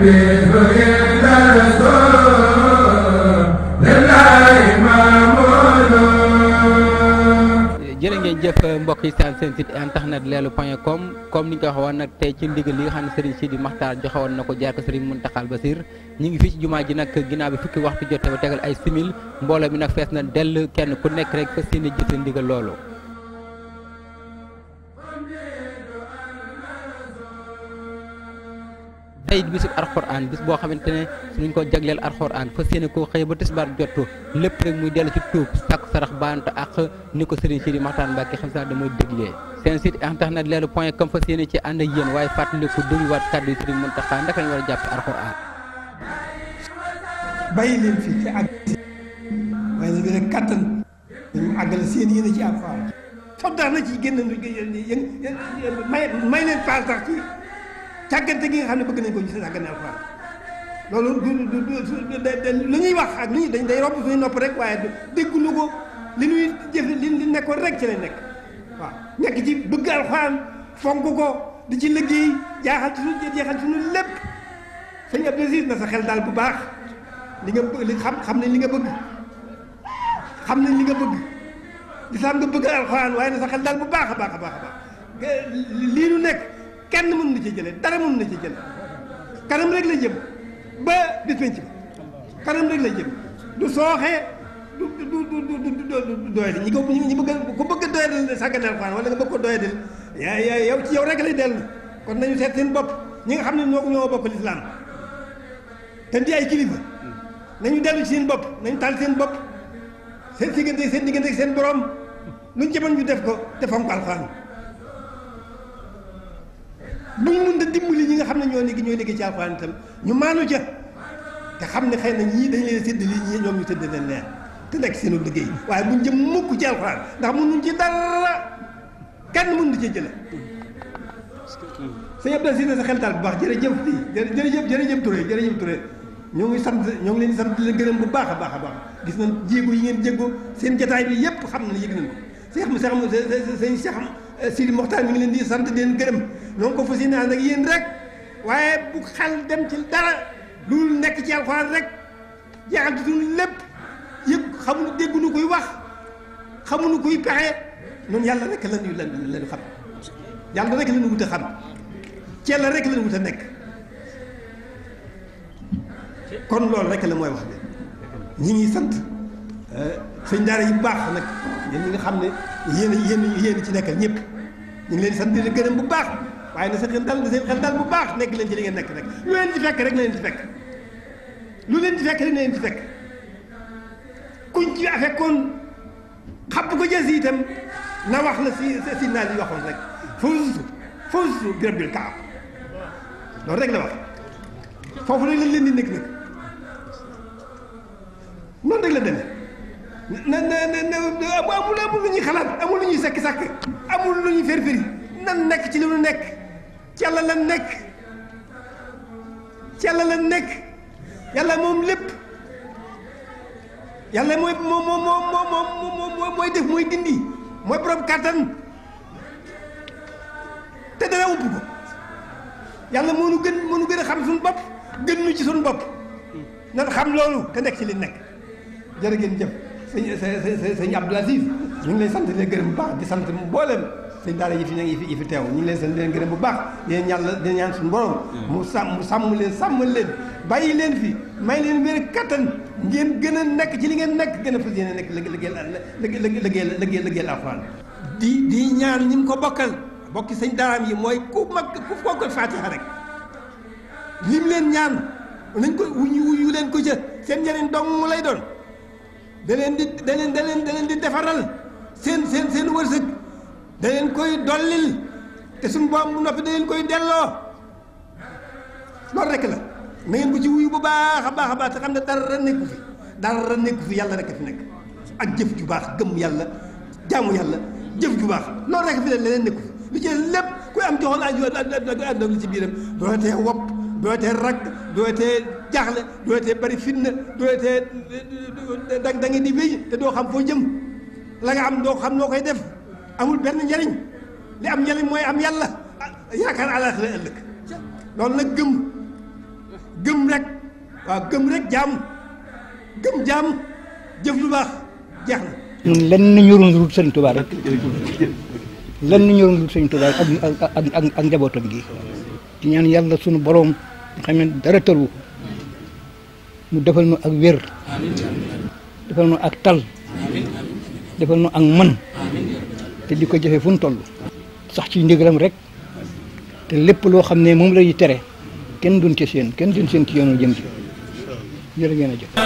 jërë ngeen jëf mbokk yi seen seen site internet leelu point com comme ni ñu ko woon nag tey ci ndigal li nga xam ne Serigne Sidi Makhtar joxe woon na ko jaar ko Serigne ba Bassir ñu ngi fii ci jumaa ji nag ginnaaw bi fukki waxtu jotee ba tegal ay simil mbooloo mi nag fees na dell kenn ku nekk rek fas yéene jëfe ndigal loolu. tey bisub alxuraan bis boo xamante ne suñu ko jagleel alxuraan fas yéene koo xëy ba tisbaar jottu lépp rek muy dellu ci tuub sàkku sarax baante ak ni ko sëriñ Sidi Maxtaar Mbàkke xam sax damay déglee seen site internet leelu point com fas yéene ci ànd ak yéen waaye fàttaliku dégluwaat kàddu yi sëriñ Muntaxa ndaka lañu war a jàppe alxuraan bàyyi leen fi ci àgg waaye a may leen paas sax ci càggante gi nga xam ne bëgg nañ ko ñu si sàggane alxuraan loolu du lu ñuy wax ak lu ñuy dañ day romb suñu nopp rek waaye déggunu ko li ñuy jëf li nekkoon rek ci lañ nekk waaw nekk ci bëgg alxuraan fonk ko di ci liggéey jaaxal suñu jeexal suñu lépp sëñ Abdou Aziz na sa xel daal bu baax li nga li xam xam nañ li nga bëgg xam nañ li nga bëgg lislaam nga bëgg alxuraan waaye na sa xel daal bu baax a baax a baax a baax lii nu nekk kenn mënu na ci jële dara mënu na ci jële kanam rek la jëm ba di penc ba kanam rek la jëm du sooxee du du du du doyadi ñi ko ñi bëgg ku bëgg a doyadil sàggane alxuraan wala nga bëgg ko doyadil yaa yaa yow ci yow rek lay dellu kon nañu seet seen bopp ñi nga xam ne ñoo ñoo bokk lislaam te di ay kilifa nañu dellu ci seen bopp nañu taal seen bopp seen diggante seen diggante seen borom lu ci mën ñu def ko te fonk alxuraan lu ñu mën a dimbali nga xam ne ñoo léegi ñooy léegi ci alxuraan itam ñu maanu ja te xam ne xëy na ñii dañ leen sédd lii ñi ñoom ñu tëdd leen leen te nekk seenu liggéey waaye buñ jëm mukk ci alxuraan ndax mënuñ ci dara kenn mënuñ ci jële sëñ Abdou si ne sa xel daal bu baax jërëjëf si jërëjëf jërëjëf Touré jërëjëf Touré ñoo ngi sant ñoo ngi leen di sant di gërëm bu baax a baax a baax gis nañ jéego yi ngeen jéego seen jataay bi yépp xam na yëg nañ ko seex mu seex mu seen seex Sidi Moxtaar mi ngi leen di sant di leen gërëm noonu ko fas si ànd ak yéen rek waaye bu xel dem ci dara lu nekk ci alxuraan rek jeexal ci suñu lépp yëg xamuñu dégguñu koy wax xamuñu koy pexe noonu yàlla rek la ñu la ñu xam yàlla rek la ñu wut xam ci rek la ñu wut a nekk kon loolu rek la mooy wax bi ñi ngi sant euh, sëñ daara yi baax nag yéen ñi nga xam ne. yéen yéen yéen ci nek ñëpp ñu ngi leen sant di gërëm bu baax waaye na seen xel dal na xel dal bu baax nekk leen ci li ngeen nekk rek lu leen ci fekk rek na ci fekk lu leen ci fekk rek ci fekk kuñ ci afekkoon xam ko jël itam na wax la si si naa li waxoon rek fawzu fawzu bi rabbil kaab rek la wax foofu rek leen di nekk nag noonu rek la demee na na na amul amul lu ñuy xalaat amul lu ñuy sakk sakk amul lu ñuy férféri nan nekk ci li nu nekk ci yàlla lan nekk ci yàlla lan nekk yàlla moom lépp yàlla mooy moom moom moom moom mooy def mooy dindi mooy borom kàttan te dara wupp ko yàlla moo nu gën moo nu gën a xam suñu bopp gën ñu ci suñu bopp nan xam loolu te nekk ci li nekk jërë ngeen jëf. sëñ sëñ Abdou Aziz ñu ngi lay sant leen gërëm bu baax di sant mboolem sëñ daara yi fi ne yi fi teew ñu ngi lay sant leen gërëm bu baax yéen yàlla dina ñaan suñu borom mu sàmm leen sàmm leen bàyyi leen fi may leen wér kattan ngeen gën a nekk ci li ngeen nekk gën a fas yéene nekk liggéeyal liggéeyal liggéeyal liggéeyal alxuraan di di ñaan ñi ko bokkal bokki sëñ daaraam yi mooy ku mag ku fokkal fatiha rek lim leen ñaan nañ ko wuñu wuyu leen ko ca seen njëriñ dong lay doon da leen di daleen daleen di defaral seen seen seen wërsëg da leen koy dollil te suñu boom bu noppi daleen koy delloo loolu rek la na ngeen ko ci wuyu bu baax a baax a baax te xam ne dara nekku fi dara nekku fi yàlla rek a fi nekk ak jëf ju baax gëm yàlla jaamu yàlla jëf ju baax loolu rek fi ne leneen nekku fi lu ci lépp kuy am joxoon ajo adduna li ci biiram doo tee wopp dootee ragg dootee jaaxle dootee bari fitna dootee da da ngeen di wéy te doo xam foo jëm la nga am doo xam noo koy def amul benn njariñ li am njariñ mooy am yàlla yaakaar àllaaxira ëllëg loolu nag gëm gëm rek waaw gëm rek jaam gëm jaam jëf lu baax jeex na. lenn ñorul lu sëñ Tuubaa rek lenn ñorul lu sëñ Tuubaa ak ak ak njabooto gi. di ñaan yàlla sunu borom nga xam ne dara tëru mu defal nu ak wér defal nu ak tal defal nu ak man te di ko jëfee fu nu toll sax ci ndigalam rek te lépp loo xam ne moom lay tere kenn duñ ci seen kenn duñ seen ci yoonu jëm ci jërë ngeen a jëf